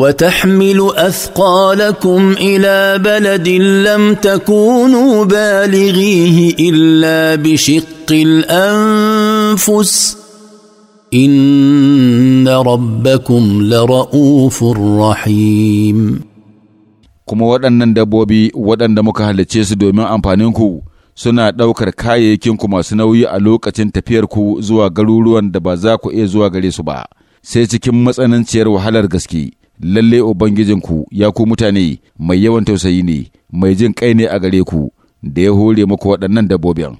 وتحمل اثقالكم الى بلد لم تكونوا بالغيه الا بشق الانفس ان ربكم لرؤوف رحيم kuma waɗannan dabbobi waɗanda muka halicce su domin amfaninku suna ɗaukar kayayyakinku masu nauyi a lokacin tafiyarku zuwa garuruwan da ba za ku iya zuwa gare su ba sai cikin matsananciyar wahalar gaske lalle ubangijinku ya ku mutane mai yawan tausayi ne mai jin kai ne a gare ku da ya hore muku waɗannan dabbobin